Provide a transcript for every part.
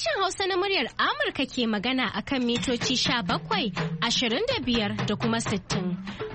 Sashen Hausa na muryar Amurka ke magana akan mitoci sha bakwai, ashirin da biyar da kuma sittin.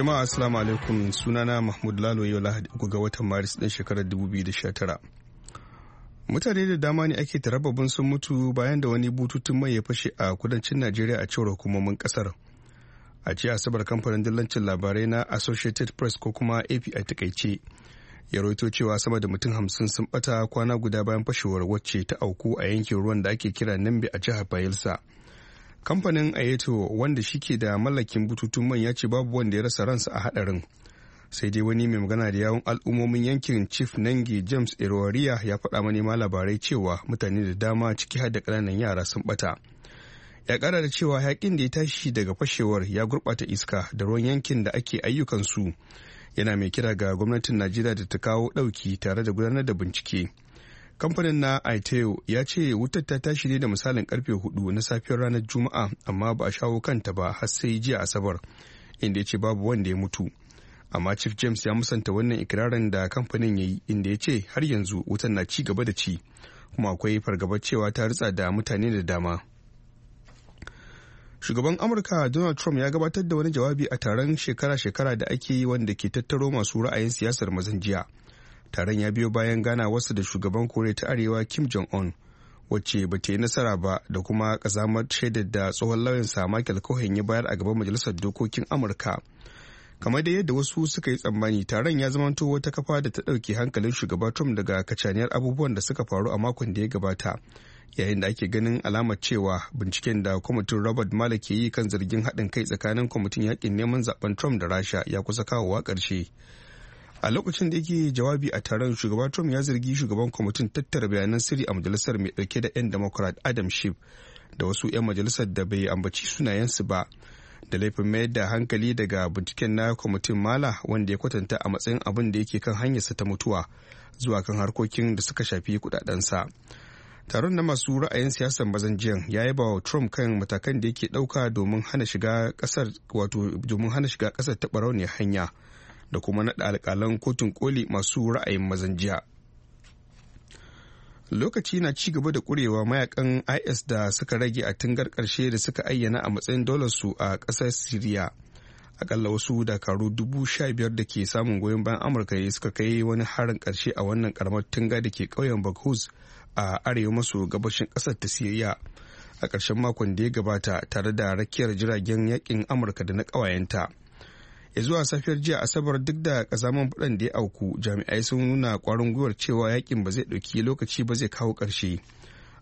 jama'a assalamu alaikum sunana mahmud lalo yau lahadi uku ga watan maris ɗin shekarar 2019 mutane da dama ne ake tarababin sun mutu bayan da wani bututun mai ya fashe a kudancin najeriya a cewar hukumomin kasar a ce asabar kamfanin dillancin labarai na associated press ko kuma ap a takaice ya roito cewa sama da mutum hamsin sun bata kwana guda bayan fashewar wacce ta auku a yankin ruwan da ake kira nambe a jihar bayelsa kamfanin ayeto wanda shi ke da mallakin bututun man ya ce babu wanda ya rasa ransa a hadarin sai dai wani mai magana da yawon al'ummomin yankin chief nangi james erowariya ya faɗa manema labarai cewa mutane da dama ciki har da ƙananan yara sun ɓata ya ƙara da cewa yaƙin da ya tashi daga fashewar ya gurɓata iska da ruwan yankin da ake ayyukansu yana mai kira ga gwamnatin najeriya da ta kawo ɗauki tare da gudanar da bincike kamfanin na itel ya ce wutar ta tashi ne da misalin karfe hudu na safiyar ranar juma'a amma ba a shawo kanta ba har sai jiya asabar inda ya ce babu wanda ya mutu amma chief james ya musanta wannan ikirarin da kamfanin ya yi inda ya ce har yanzu wutar na ci gaba da ci kuma akwai fargabar cewa ta ritsa da mutane da dama shugaban amurka donald trump ya gabatar da wani jawabi a taron shekara-shekara da ake yi wanda ke tattaro masu ra'ayin siyasar mazan jiya taron ya biyo bayan gana wasu da shugaban koriya ta arewa kim jong-un wacce ba ta yi nasara ba da kuma kazamar shaidar da tsohon lauyansa michael cohen ya bayar a gaban majalisar dokokin amurka kamar da yadda wasu suka yi tsammani taron ya zamanto wata kafa da ta ɗauki hankalin shugaba trump daga kacaniyar abubuwan da suka faru a makon da ya gabata yayin da ake ganin alamar cewa binciken da kwamitin robert mala ke yi kan zargin haɗin kai tsakanin kwamitin yakin neman zaben trump da rasha ya kusa kawowa ƙarshe a lokacin da yake jawabi a taron shugaban trump ya zargi shugaban kwamitin tattara bayanan sirri a majalisar mai ɗauke da 'yan democrat adam schiff da wasu 'yan majalisar da bai ambaci sunayensu ba da laifin mayar da hankali daga binciken na kwamitin mala wanda ya kwatanta a matsayin abin da yake kan hanyarsa ta mutuwa zuwa kan harkokin da suka shafi kudadensa taron na masu ra'ayin siyasar mazanjiyan ya yaba wa trump kan matakan da yake dauka domin hana shiga kasar wato domin hana shiga kasar ta ne hanya da kuma naɗa alƙalan kotun koli masu ra'ayin mazan jiya lokaci na ci gaba da ƙurewa mayakan is da suka rage a tungar ƙarshe da suka ayyana a matsayin dolarsu a ƙasar siriya akalla wasu dakaru dubu sha biyar da ke samun goyon bayan amurka ne suka kai wani harin ƙarshe a wannan karamar tunga da ke ƙauyen bakhuz a arewa maso gabashin ƙasar ta siriya a ƙarshen makon da ya gabata tare da rakiyar jiragen yakin amurka da na ƙawayenta ya zuwa safiyar jiya asabar duk da kazaman faɗan da ya auku jami'ai sun nuna kwarin gwiwar cewa yakin ba zai ɗauki lokaci ba zai kawo ƙarshe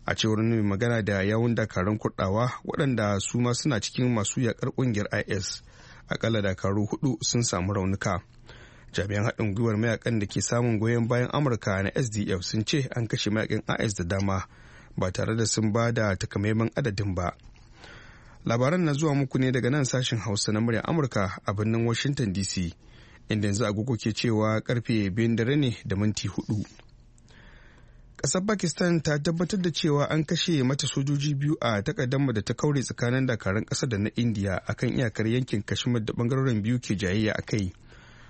a cewar mai magana da yawun dakarun kurɗawa waɗanda su ma suna cikin masu yakar ƙungiyar is akalla dakaru hudu sun samu raunuka jami'an haɗin gwiwar mayakan da ke samun goyon bayan amurka na sdf sun ce an kashe mayakan is da dama ba tare da sun ba da takamaiman adadin ba labaran na zuwa muku ne daga nan sashen hausa na murya amurka a birnin washington dc inda yanzu agogo ke cewa karfe biyun dare ne da minti hudu ƙasar pakistan ta tabbatar da cewa an kashe mata sojoji biyu a takaddama da ta kaure tsakanin dakarun ƙasar da na indiya akan iyakar yankin kashmir da bangarorin biyu ke jayayya a kai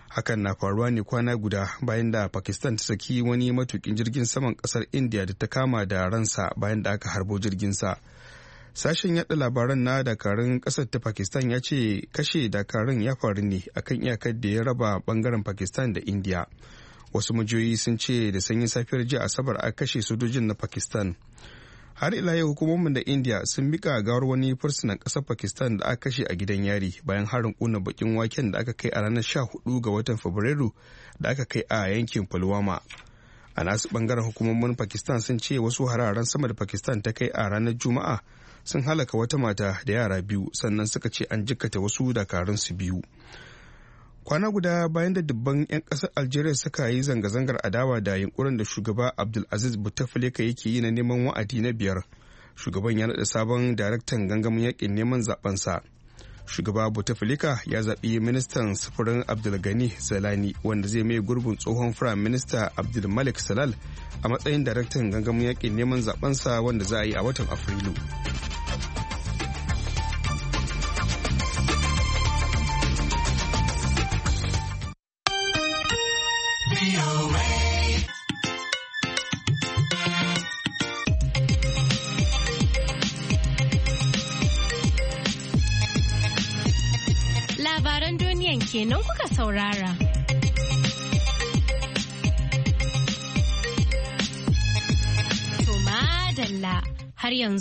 hakan na faruwa ne kwana guda bayan da pakistan ta saki wani matukin jirgin saman ƙasar india da ta kama da ransa bayan da aka harbo jirginsa sashen yada labaran na dakarun kasar ta pakistan ya ce kashe dakarun ya faru ne akan iyakar da ya raba bangaren pakistan da india wasu majiyoyi sun ce da sanyin safiyar jiya asabar a kashe sojojin na pakistan har ila yau hukumomin da india sun mika gawar wani fursunan kasar pakistan da aka kashe a gidan yari bayan harin kuna bakin waken da aka kai a ranar hudu ga watan fabrairu da aka kai a yankin pulwama a nasu bangaren hukumomin pakistan sun ce wasu hararen sama da pakistan ta kai a ranar juma'a sun halaka wata mata da yara biyu sannan suka ce an jikkata wasu dakarun su biyu kwana guda bayan da dubban 'yan kasar algeria suka yi zanga-zangar adawa da yunkurin da shugaba abdulaziz bouteflika yake yi na neman wa'adi na biyar shugaban ya naɗa sabon daraktan gangamin yakin neman zabensa shugaba bouteflika ya zaɓi ministan sufurin abdulgani Zalani, wanda zai mai gurbin tsohon firayim minista abdulmalik salal a matsayin daraktan gangamin yakin neman zabensa wanda za a yi a watan afrilu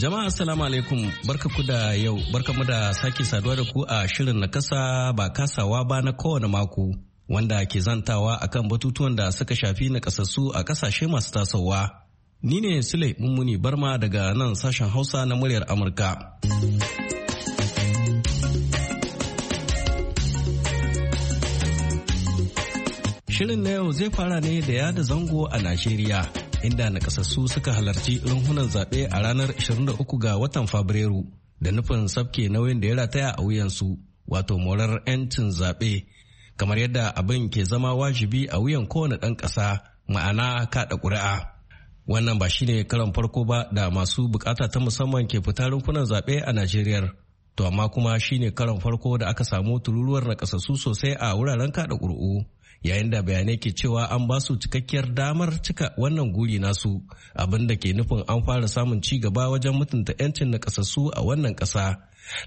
Jama'a assalamu alaikum barka da yau barka da sake saduwa da ku a shirin na kasa ba kasawa ba na kowane mako wanda ke zantawa akan batutuwan da suka shafi na kasassu a kasashe masu tasowa. Ni ne Sule Mummuni Barma daga nan sashen Hausa na muryar Amurka. Shirin na yau zai fara ne da yada zango a Najeriya. inda nakasassu suka halarci runhunan zaɓe a ranar 23 ga watan Fabrairu da nufin sabke nauyin da ya rataya a wuyansu wato morar 'yancin zaɓe kamar yadda abin ke zama wajibi a wuyan kowane ɗan ƙasa ma'ana kaɗa ƙuri'a. Wannan ba shine karan farko ba da masu bukata ta musamman ke fita rumfunan zaɓe a Najeriya. To amma kuma shine karan farko da aka samu tururuwar nakasassu sosai a wuraren kaɗa ƙuri'u. yayin da bayanai ke cewa an ba su cikakkiyar damar cika wannan guri nasu abin da ke nufin an fara samun ci gaba wajen mutunta 'yancin nakasassu a wannan ƙasa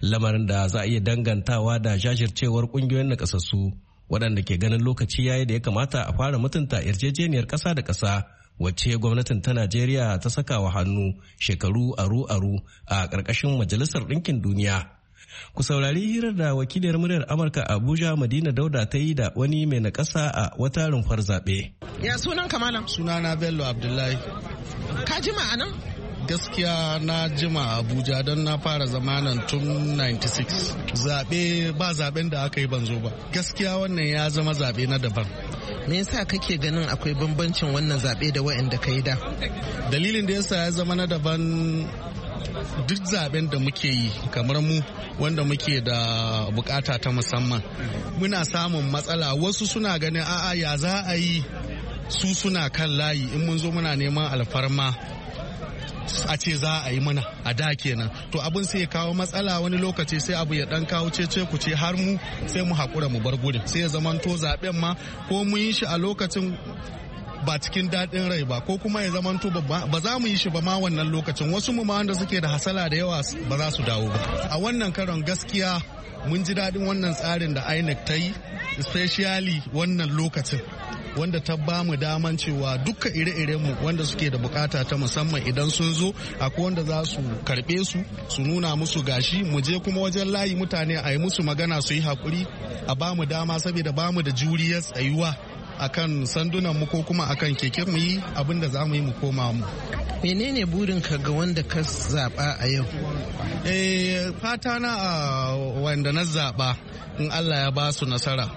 lamarin da za a iya dangantawa da jajircewar ƙungiyoyin nakasassu waɗanda ke ganin lokaci yayi da ya kamata a fara mutunta yarjejeniyar ƙasa da ƙasa wacce gwamnatin ta Najeriya ta saka wa hannu shekaru aru-aru a ƙarƙashin Majalisar Ɗinkin Duniya. Ku saurari hirar da wakiliyar muryar Amurka Abuja Madina Dauda ta yi da wani mai nakasa a wata rumfar zaɓe. Ya sunan Suna Sunana Bello Abdullahi. Ka jima a nan? Gaskiya na jima Abuja don na fara zamanan tun 96. Zaɓe ba zaɓen da aka yi ban zo ba. Gaskiya wannan ya zama zaɓe na daban. me yasa kake ganin akwai bambancin wannan zaɓe da waanda ka yi da dalilin da yasa ya zama na daban duk zaben da muke yi kamar mu wanda muke da bukata ta musamman muna samun matsala wasu suna ganin a'a ya za a yi su suna kan layi in mun zo muna neman alfarma a ce za a yi mana a da kenan to abin sai ya kawo matsala wani lokaci sai abu ya dan kawo cece ku ce har mu sai mu hakura mu bar gudun sai ya zamanto zaben ma ko mun yi shi a lokacin ba cikin daɗin rai ba ko kuma ya zamanto ba za mu yi shi ba ma wannan lokacin wasu mu ma wanda suke da hasala da yawa ba za su dawo ba a wannan karon gaskiya mun ji daɗin wannan tsarin da inec ta yi especially wannan lokacin wanda ta ba mu daman cewa dukkan ire mu wanda suke da bukata ta musamman idan sun zo akwai wanda za su karbe su su nuna musu gashi mu je kuma wajen layi mutane a yi musu magana su yi hakuri a ba mu dama saboda ba mu da juriyar tsayuwa akan sandunan mu ko kuma akan keke mu yi abin da za mu yi mu koma mu menene burin ka ga wanda ka zaba a yau eh, fata na ah, wanda na zaba in Allah ya ba su nasara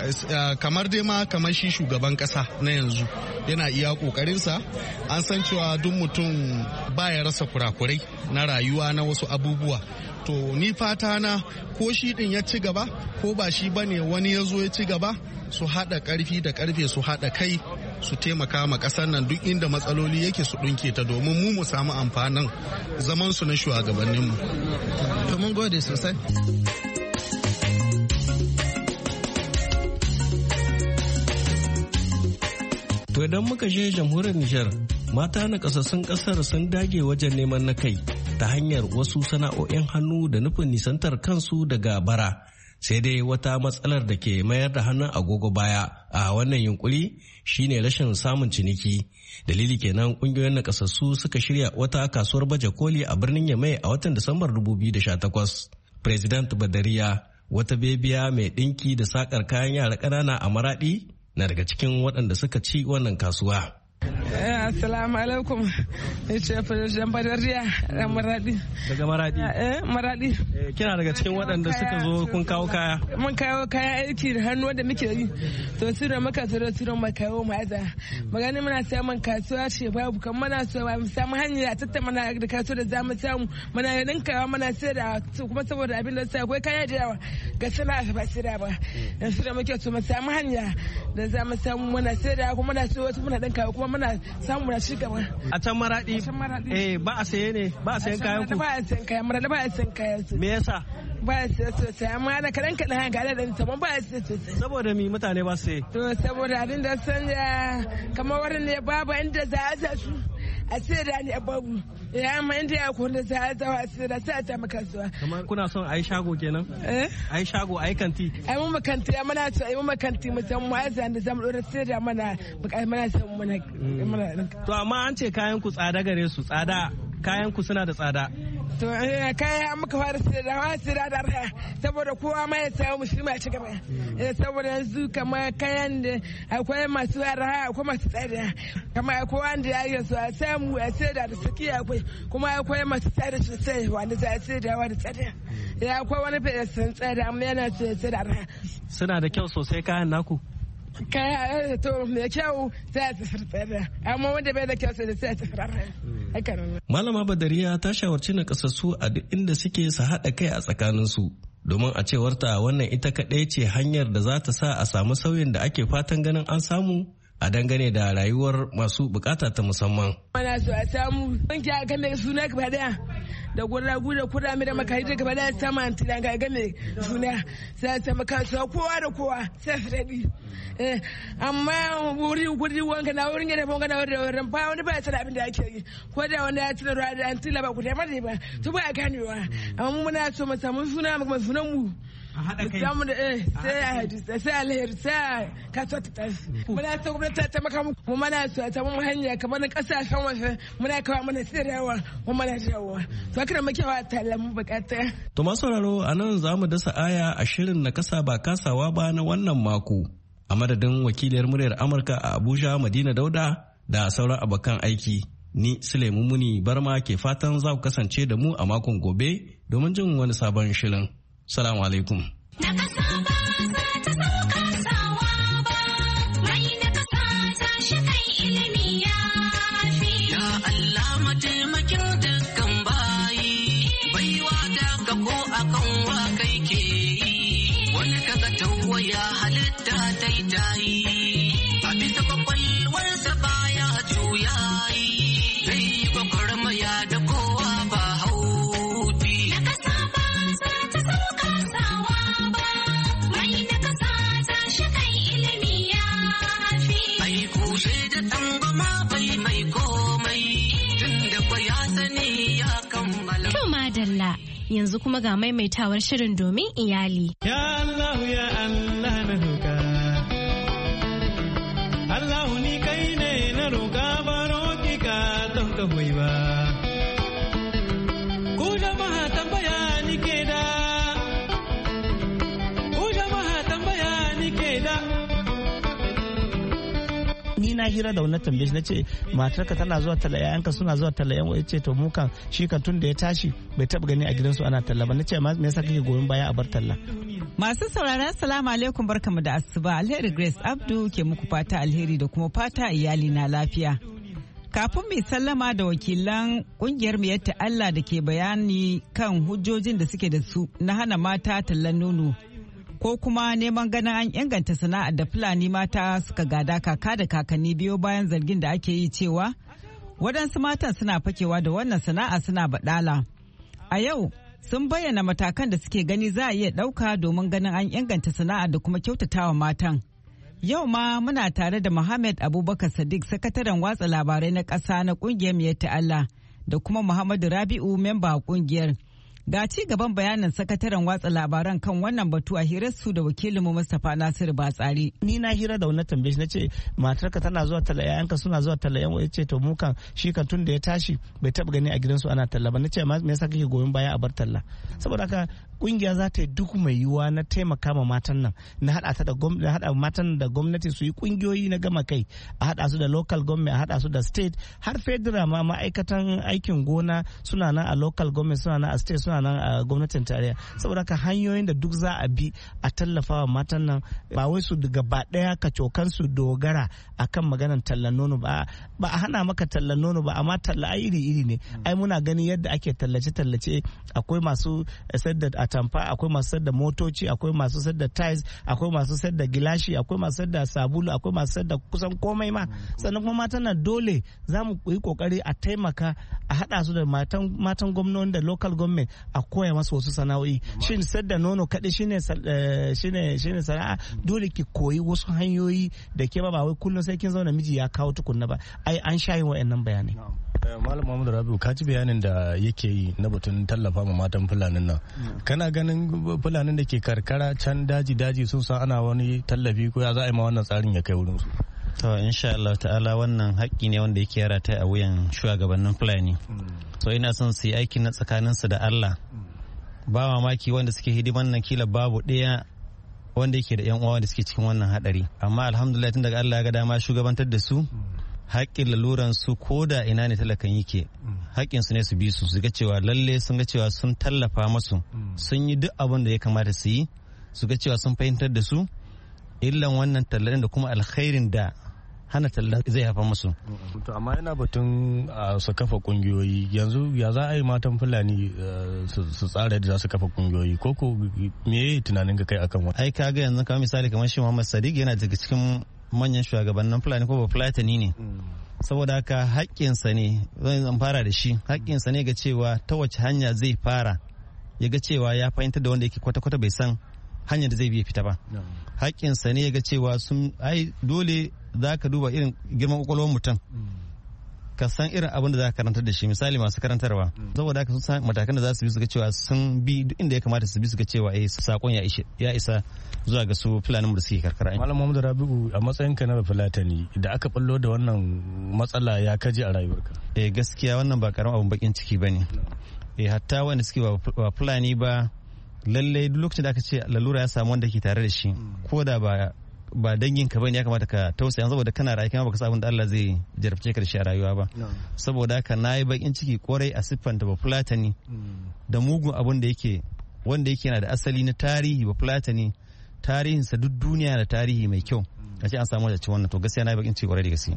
eh, kamar dai ma kamar shi shugaban kasa na yanzu yana iya kokarinsa an san cewa duk mutum ba ya rasa kurakurai na rayuwa na wasu abubuwa to ni fata na ko shi din ya ci gaba ko ba shi bane wani ya zo ya ci gaba su haɗa ƙarfi da ƙarfe su haɗa kai su taimaka ma ƙasar nan duk inda matsaloli yake su ɗunke ta domin mu mu samu amfanin zaman na shugabanninmu. To mun gode sosai. To idan muka je jamhuriyar Nijar, mata na kasassun kasar sun dage wajen neman na kai ta hanyar wasu sana'o'in hannu da nufin nisantar kansu daga bara sai dai wata matsalar da ke mayar da hannun agogo baya a wannan yunkuri shine rashin samun ciniki dalili kenan kungiyoyin nakasassu suka shirya wata kasuwar baje koli a birnin yamai a watan disambar 2018 president badariya wata bebiya mai dinki da sakar kayan yara ƙanana a maradi na daga cikin waɗanda suka ci wannan kasuwa eh, Assalamu alaikum. Ice fujan badariya da maradi. Daga maradi. Eh maradi. Eh, kina daga cikin waɗanda suka zo kun kawo kaya. Mun kawo kaya aiki da hannu wanda muke yi. To sura maka sura sura mu kawo mu aza. Magani muna samun kasuwa ce babu kan muna so ba mu samu hanya a tatta mana da kasuwa da zamu samu muna kawo muna sai da kuma saboda abin da sai kai kaya da yawa ga sana ba sira ba. Dan sura muke so mu samu hanya da zamu samu muna sai da kuma muna so wasu muna kawo kuma muna samu muna ci gaba. A can maraɗi? A can maraɗi. Eh ba a saye ne ba a sayan kayan ku. Ba a sayan kayan maraɗi ba a sayan kayan su. Me yasa? Ba a saye sosai amma da kaɗan kaɗan haka da ɗan saman ba a saye sosai. Saboda mi mutane ba su saye? To saboda abin da sanya eh, kamar wurin ne babu inda za a su. a sai da ni babu ya amma inda ya kunda sai a zawa a sai da sai a ta maka kamar kuna son ai shago kenan eh ai shago ai kanti ai mu makanti amma na ce ai mu makanti mu san mu ai zan da zamu dora sai da mana bukai mana san mu na mm. to amma an ce kayan ku tsada gare su tsada kayan ku suna da tsada to eh, kaya muka fara sirada sirada da arha saboda kowa ma ya sayo musulmi a cigaba eh, saboda yanzu kamar kayan da akwai masu arha akwai masu tsada kamar akwai wanda ya yi su a samu a sai da saki akwai kuma akwai masu tsada sosai wanda za a saidawa da tsada ya eh, akwai wani fesan tsada amma yana so ya saida suna da kyau sosai kayan naku kaya eh, to mai kyau sai a amma wanda bai da kyau sai a malama badariya ta shawarci na kasassu a duk inda suke su haɗa kai a tsakaninsu domin a cewarta wannan ita kaɗai ce hanyar da za ta sa a samu sauyin da ake fatan ganin an samu a dangane da rayuwar masu bukata ta musamman. Mana so a samu wanke a game suna gaba daya da guragu da kurame da makari da gaba daya sama tilan ga game suna sai a sama kasuwa kowa da kowa sai su daɗi. Eh, amma wuri wuri wanka na wurin gada wanka na wurin wurin ba wani ba ya san abin da ake yi ko da wani ya tuna ruwa da an tilaba ba ku da ba su ba a ganewa amma muna so mu samu suna mu kuma sunan mu. damu da eh sai hadisi sai alheri sai ka ta tashi mm. muna so kuma ta taimaka mu mu so ta mu hanya kamar na kasashen waje muna kawo mana tsirewa mu mana jawo to kana muke wa tallamu bukata to masu sauraro anan zamu dasa aya a shirin na kasa ba kasawa ba na wannan mako a madadin wakiliyar muryar Amurka a Abuja Madina Dauda da sauran abokan aiki ni Sulaimu Muni Barma ke fatan za ku kasance da mu a makon gobe domin jin wani sabon shirin. Salamu alaikum. ko ya sani ya kammala. To madalla yanzu kuma ga maimaitawar shirin domin iyali. Ya Allah ya Allah na roƙa. Allah ni kai ne na roƙa baro ki ka don ka na hira da wani tambaye shi nace ka tana zuwa talla yayanka suna zuwa talla yan wace to mu kan shi kan tun da ya tashi bai taba gani a gidansu ana talla ba nace me yasa kake goyon baya a bar talla masu sauraron assalamu alaikum barkamu da asuba alheri grace abdu ke muku fata alheri da kuma fata iyali na lafiya kafin mai sallama da wakilan kungiyar mu Allah da ke bayani kan hujjojin da suke da su na hana mata tallan nono ko kuma neman ganin an inganta sana'ar da Fulani mata suka gada kaka da kakanni biyo bayan zargin da ake yi cewa waɗansu matan suna fakewa da wannan sana'a suna baɗala. A yau sun bayyana matakan da suke gani za a iya ɗauka domin ganin an inganta sana'a da kuma kyautatawa matan. Yau ma muna tare da Muhammad Abubakar Sadiq sakataren watsa labarai na ƙasa na ƙungiyar Miyatta Allah da kuma Muhammadu Rabi'u memba ƙungiyar. Ga ci gaban bayanin sakataren watsa labaran kan wannan batu a hirar su da wakilinmu Mustapha Nasiru Batsari. Ni na hira da wannan tambaye na ce matarka tana zuwa talla yayanka suna zuwa talla yan wace ce to mu kan shi kan tun da ya tashi bai taba gani a gidansu ana talla ba nace me yasa kake goyon baya a bar talla. Saboda haka kungiya za ta yi duk mai yiwuwa na taimaka ma matan nan na hada matan da gwamnati su yi kungiyoyi na gama kai a hada su da local government a hada su da state har federal ma ma'aikatan aikin gona suna nan a local government suna nan a state suna nan a gwamnatin tarayya saboda ka hanyoyin da duk za a bi a tallafa wa matan nan ba wai su gaba daya ka cokan su dogara akan maganar tallan nono ba ba a hana maka tallan nono ba amma talla iri iri ne ai muna ganin yadda ake tallace tallace akwai masu sayar da atamfa akwai masu sadda motoci akwai masu sadda tiles akwai masu sadda gilashi akwai masu sadda sabulu akwai masu sadda kusan komai ma sannan kuma matan na dole za mu yi kokari a taimaka a haɗa su da matan matan gwamnoni da local government a koya masu wasu sana'o'i shin sadda nono kaɗai shine eh, shine shine sana'a dole ki koyi wasu hanyoyi da ke ba wai kullum sai kin zauna miji ya kawo tukunna ba ai an sha yin wa'annan bayanai Eh, Malam Muhammad Rabiu ka ci bayanin da yake yi na batun tallafa ma matan fulanin nan. Mm. Kana ganin fulanin da ke karkara can daji daji sun san ana wani tallafi ko ya za a yi ma wannan tsarin ya kai wurin su. To insha Allah ta'ala wannan haƙƙi ne wanda yake yara ta a wuyan shugabannin Fulani. So mm. ina son su yi aiki na tsakanin su da Allah. Mm. Ba mamaki wanda suke hidiman nan kila babu ɗaya wanda yake da 'yan uwa wanda suke cikin wannan haɗari. Amma alhamdulillah tun daga Allah ya ga dama shugabantar da su. haƙƙin laluran su ko da ina ne talakan yake mm. haƙƙin su ne su bi su su ga cewa lalle sun ga cewa sun tallafa masu mm. sun yi duk abin da ya kamata su yi su ga cewa sun fahimtar da su illan wannan tallan da kuma alkhairin da hana tallan zai haifar musu. To amma yana batun su kafa kungiyoyi yanzu ya za a yi matan fulani su tsara yadda za su kafa kungiyoyi ko ko me tunanin ka kai akan wani. Ai kaga yanzu kamar misali kamar shi Muhammad Sadiq yana daga cikin manyan shugabannin fulani ko ba fulatani ne mm. saboda haka haƙƙinsa ne zan fara da shi haƙƙinsa ne ga cewa ta wace hanya zai fara ya ga cewa ya fahimta da wanda yake kwata-kwata bai san hanyar da zai biya fita ba haƙƙinsa ne ga cewa sun ai dole za ka duba irin girman ƙwaƙwalwar mutum mm. ka san irin abin da za ka karantar da shi misali masu karantarwa mm. saboda haka sun san matakan da za su bi suka cewa sun bi duk inda ya kamata su bi suka cewa eh sakon ya isa zuwa ga su mu da suke karkara malam Muhammadu Rabi'u a matsayin ka na fulatani da aka ballo da wannan matsala ya kaji a rayuwarka eh gaskiya wannan ba karamin abin bakin ciki bane eh hatta wanda suke ba fulani ba lallai duk lokacin da aka ce lalura ya samu wanda ke tare da shi mm. ko da ba ba dangin ka bane ya kamata ka tausaya saboda kana rayu kuma baka san abin da Allah zai jarabce ka da shi a rayuwa ba saboda haka yi bakin ciki kwarai a siffanta ba fulatani mm. da mugun abin da yake wanda yake yana da asali na tarihi ba fulatani tarihinsa duk duniya da tarihi mai kyau a ce an samu da wannan to gaskiya na yi bakin ci kwarai da gaske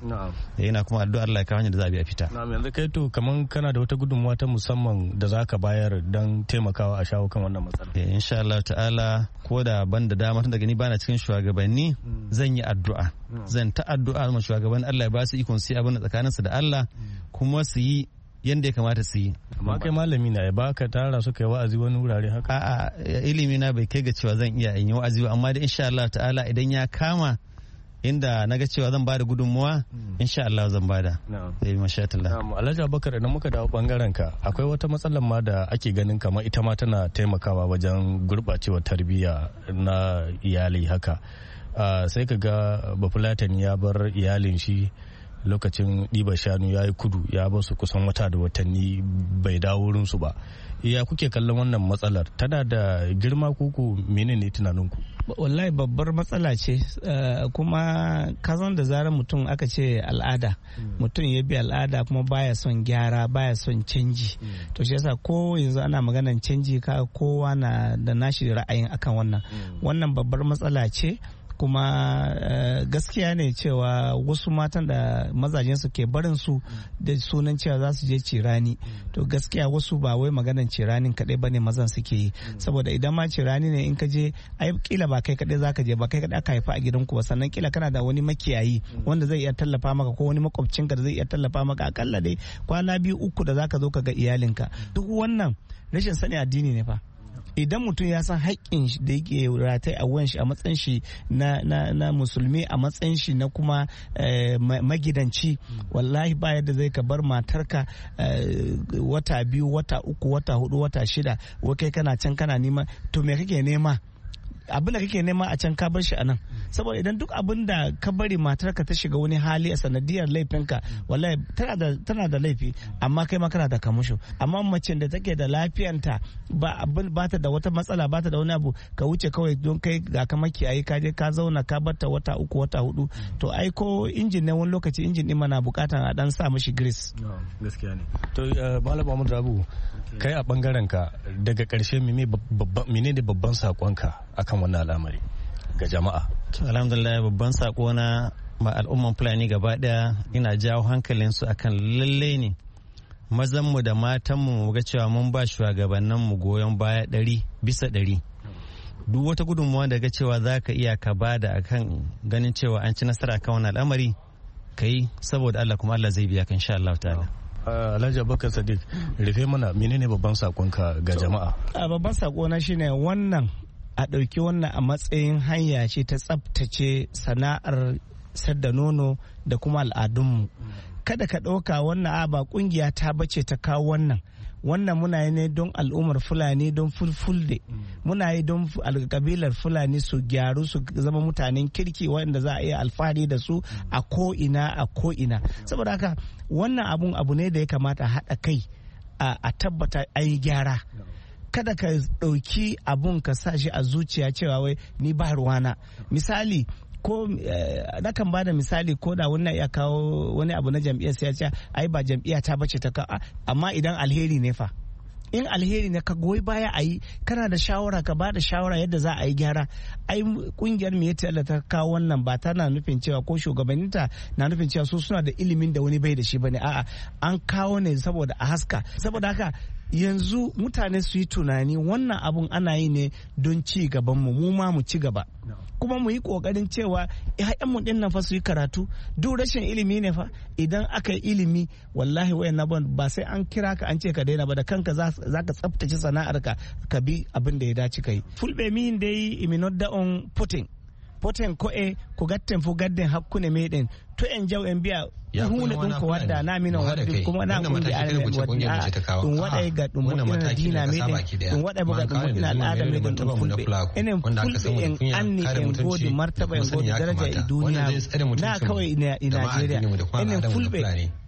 yana eh, kuma addu'a Allah ya kawo hanyar da za a bi a fita na'am yanzu kai to kaman kana da wata gudunmuwa ta musamman da za ka bayar don taimakawa a shawo kan wannan matsala eh, insha Allah ta'ala ko da ban da dama tun daga ni bana cikin shugabanni hmm. zan yi addu'a hmm. zan ta addu'a ma shugaban Allah ya ba su ikon su yi abin su da Allah hmm. kuma su yi yanda ya kamata su yi. Amma kai malami na ya baka tara suka yi wa'azi wani wurare haka? A'a ilimi na bai kai ga cewa zan iya in yi wa'azi amma da insha Allah ta'ala idan ya kama inda na ga cewa zan bada gudunmuwa hmm. sha Allah zan bada da yi eh, mashatallah Alhaji Abubakar idan muka dawo bangaren ka akwai wata matsalar ma da ake ganin kamar ita ma tana taimakawa wajen gurbacewa tarbiyya na iyali haka ah, sai ka ga bafulatan ya bar iyalin shi lokacin ɗiba shanu ya yi kudu ya basu kusan wata da watanni bai dawo wurinsu ba ya kuke kallon wannan matsalar tana da girma kuku menene tunaninku wallahi babbar matsala ce eh, kuma kazan da zarar mutum aka ce al'ada hmm. mutum ya bi al'ada kuma baya son gyara baya son canji hmm. to shi yasa ko yanzu ana maganan canji ka kowa na da nashi ra'ayin akan wannan hmm. wannan babbar matsala ce kuma eh, gaskiya ne cewa wasu matan da mazajen su ke barin su da sunan cewa za su je cirani to gaskiya wasu ba wai maganan ciranin kadai bane mazan suke yi saboda idan ma cirani ne in ka je ai kila ba kai kadai zaka je ba kai kadai aka haifa a gidan ku ba sannan kila kana da wani makiyayi wanda zai iya tallafa maka ko wani makwabcinka da zai iya tallafa maka akalla dai kwana biyu uku da zaka zo ka ga iyalinka duk wannan rashin sani addini ne fa idan mutum ya san haƙƙin da yake ratai a wanshi a matsayin shi na musulmi a matsayin shi na kuma eh, magidanci wallahi ba yadda zai ka bar matarka eh, wata biyu wata uku wata hudu wata shida wakai kana can kana nema to me kake nema abin da kake nema a can ka bar shi anan saboda idan duk abin da ka bari matarka ta shiga wani hali a sanadiyar laifinka wallahi tana da laifi amma kai ma kana da kamusho amma mace da take da lafiyanta ba abin ba ta da wata matsala ba ta da wani abu ka wuce kawai don kai ga ka makiyayi ka je ka zauna ka barta wata uku wata hudu to ai ko injin ne wani lokaci injin din mana bukatan a dan sa mishi grease gaskiya ne to eh, malam Ahmad Rabu kai a bangaren ka daga karshe mene babban sakonka akan kan wannan al'amari ga jama'a Alhamdulilayi alhamdulillah babban sako na ma al'umman fulani gaba daya ina jawo hankalinsu su akan lalle ne mazanmu da matanmu mu ga cewa mun ba shugabannin mu goyon baya ɗari bisa ɗari duk wata gudunmuwa da ga cewa za ka iya ka bada akan ganin cewa an ci nasara kan wannan al'amari ka yi saboda Allah kuma Allah zai biya kan sha Allah ta'ala. Alhaji Abubakar Sadiq rufe mana menene babban sakonka ga jama'a? Babban sakona shine wannan a ɗauki wannan a matsayin hanya ce ta tsabtace sana'ar sadda nono da kuma al'adunmu kada ka ɗauka wannan a ba ƙungiya ta bace ta kawo wannan wannan muna yi ne don al'ummar fulani don fulfulde muna yi don alƙabilar fulani su gyaru su zama mutanen kirki waɗanda za a iya alfahari da su a ko'ina a ko'ina saboda haka wannan abun abu ne da ya kamata haɗa kai a tabbata a yi gyara kada ka ɗauki abun ka sa shi a zuciya cewa wai ni ba ruwana misali ko eh, na kan bada misali ko da wannan ya kawo wani abu na jam'iyyar sai ya ce ai ba jam'iyya ta bace ta kawo amma idan alheri ne fa in alheri ne ka goyi baya a yi kana da shawara ka ba da shawara yadda za a yi gyara ai kungiyar mu yace ta kawo wannan ba tana nufin cewa ko shugabanninta na nufin cewa su suna da ilimin da wani bai da shi bane a'a an kawo ne saboda a haska saboda haka yanzu mutane su yi tunani wannan abun ana yi ne don ci gaban mu mu ma mu ci gaba kuma mu yi kokarin cewa mu din nan fa su yi karatu duk rashin ilimi ne fa idan aka yi ilimi wallahi wayan ban ba sai an kira ka an ce ka daina ba da kanka za ka tsaftace sana'ar ka ka bi abin da ya dace ka yi fulbe min dai iminodda on putin ko ko'e eh, ku gatten fu gadden hakkune meɗen to en jau en mbiya hunde ɗum ko wadda na minon wadda kuma na kungi a waddi a ɗum waɗay ga ɗum moƴƴina dina meɗen wadda waɗay boga ɗum na al'ada meɗen ɗum fulɓe enen fulɓe en anni en godi martaba en godi daraja e duniya na kawai e nigeria enen fulbe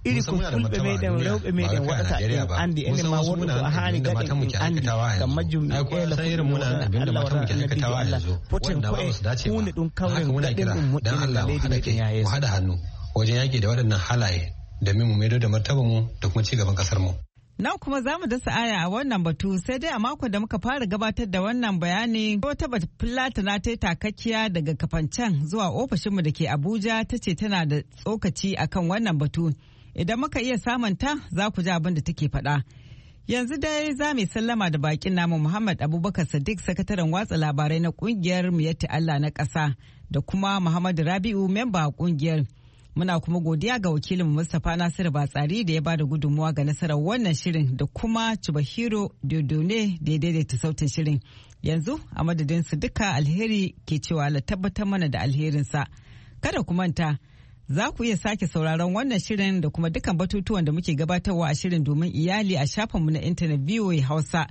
iri ko fulɓe meɗen rewɓe meɗen waɗata en andi enen ma wonɗo to a haani gaɗen en andi gam majjum en eela allah wara annabijo allah poten koye hunde ɗum kawren gaɗen ɗum moƴƴina ga leydi meɗen ya yeeso wajen yaƙi da waɗannan halaye da mu maido da mu da kuma cigaban kasar mu. kuma za mu dasa aya a wannan batu sai dai a mako da muka fara gabatar da wannan bayani bata fulatana ta takakkiya daga kafancen zuwa ofishinmu da ke Abuja ta ce tana da tsokaci akan wannan batu. Idan muka iya samunta za ku ji abin da take faɗa. Yanzu dai za mu sallama da bakin namu Muhammad Abubakar Sadiq sakataren watsa labarai na kungiyar Miyatti Allah na ƙasa da kuma Muhammadu Rabi'u memba kungiyar. Muna kuma godiya ga wakilin Mustapha Nasiru Batsari da ya bada gudunmuwa ga nasarar wannan shirin da kuma Chubahiro Dodone da ya daidaita sautin shirin. Yanzu a madadin su duka alheri ke cewa la tabbatar mana da alherinsa. Kada ku manta za ku iya sake sauraron wannan shirin da kuma dukan batutuwan da muke gabatarwa a shirin domin iyali a shafin mu na intanet VOA Hausa.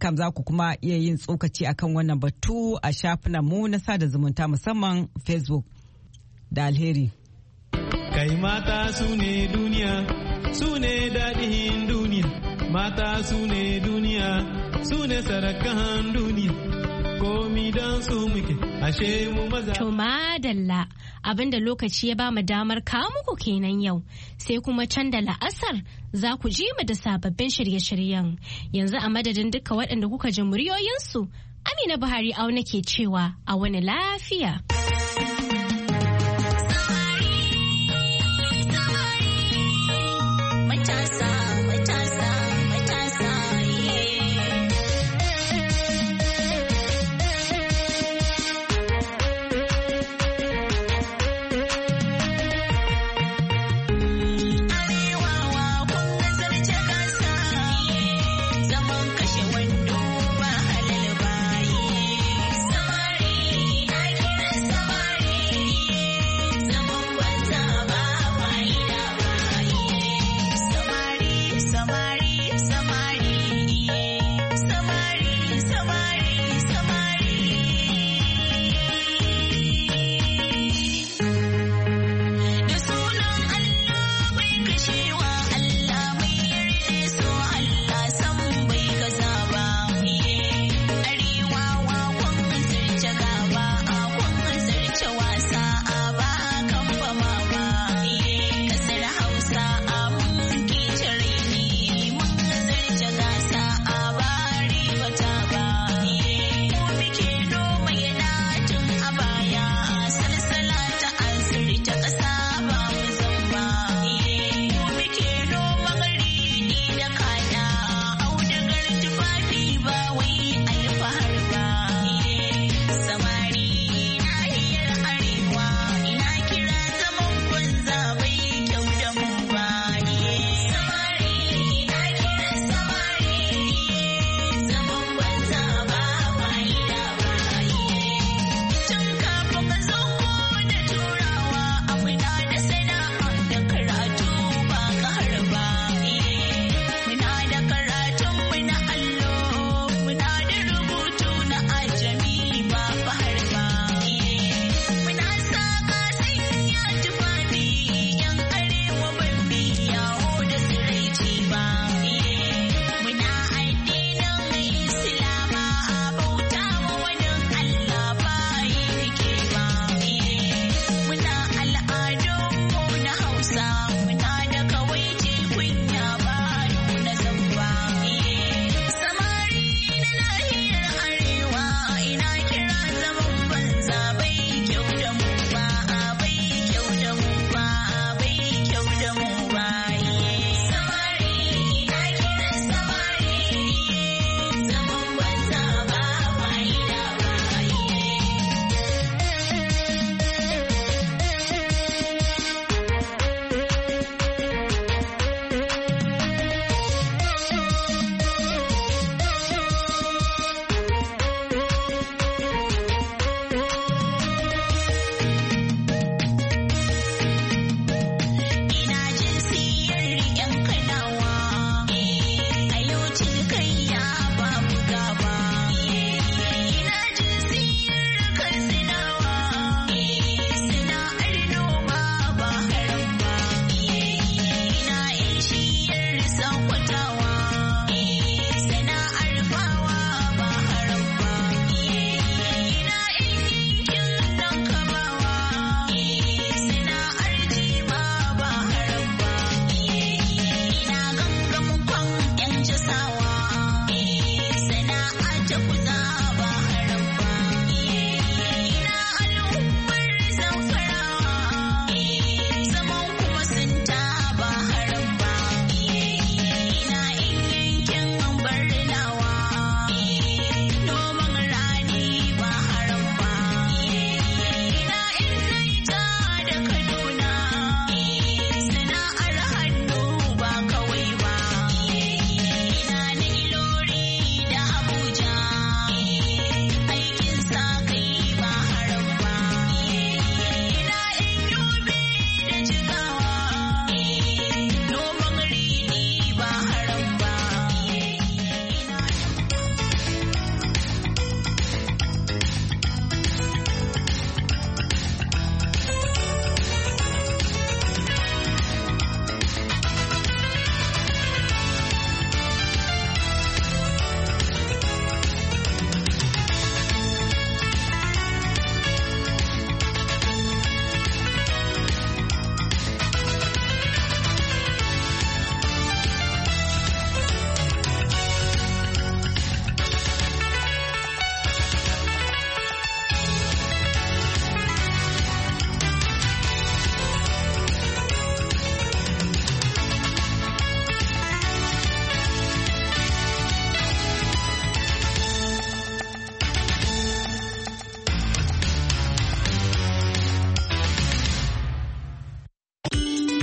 com za ku kuma iya yin tsokaci akan wannan batu a shafinan mu na sada zumunta musamman Facebook da alheri. kai mata su ne duniya su ne daɗin duniya mata su ne duniya su ne sarakan duniya komi don su muke ashe mu maza to madalla abinda lokaci ya ba mu damar kawo muku kenan yau sai kuma can da la'asar za ku ji mu da sababbin shirye-shiryen yanzu a madadin duka waɗanda kuka ji muryoyinsu amina buhari au nake cewa a wani lafiya.